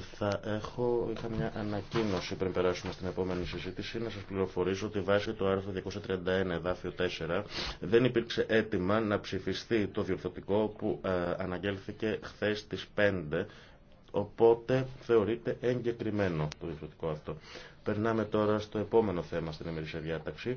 θα έχω, είχα μια ανακοίνωση πριν περάσουμε στην επόμενη συζήτηση να σας πληροφορήσω ότι βάσει το άρθρο 231 εδάφιο 4 δεν υπήρξε έτοιμα να ψηφιστεί το διορθωτικό που ε, αναγγέλθηκε χθες τις 5 Οπότε θεωρείται εγκεκριμένο το διορθωτικό αυτό. Περνάμε τώρα στο επόμενο θέμα στην εμμερήσια διάταξη.